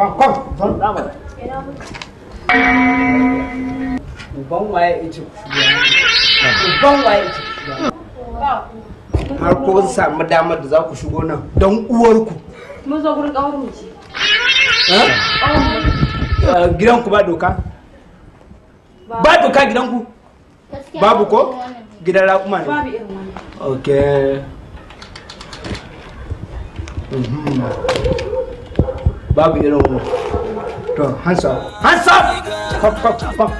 kwan kwan zon dama uban waye ita uban waye har ko samu damar da za ku shigo nan don uwarku mun zo gurin ƙawar eh, gidanku ba doka ba doka gidanku babu ko gidan raƙuma ne babu irin ok mhm. babi lo. to hands up hands up pop, fuck fuck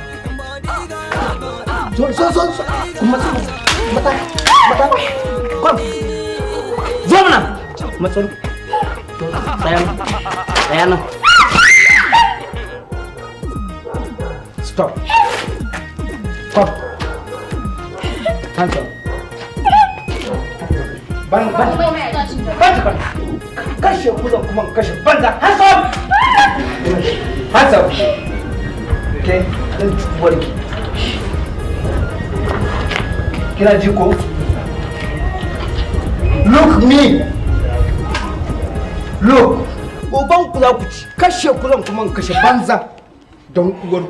zo zo mata mata kom matsun sayang, sayang stop stop hands up ban bang kashe ku da kuma kashe banza hands up hands up ke dan cuwar ki kina ji ko look me look goban ku za ku ci kashe ku zan kuma kashe banza don uwar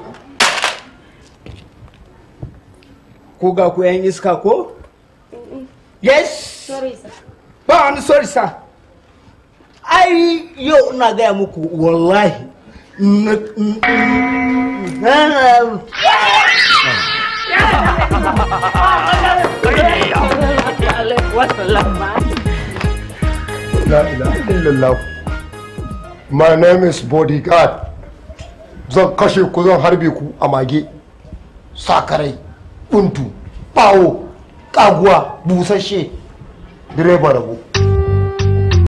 ku ko ga ku yan iska ko yes sorry sir ba wani sorry sir ai yau ina gaya muku wallahi My name is bodyguard. Zan kashe ku zan harbe ku a mage, sakarai, buntu, bawo, kaguwa, busasshe, direba rabu.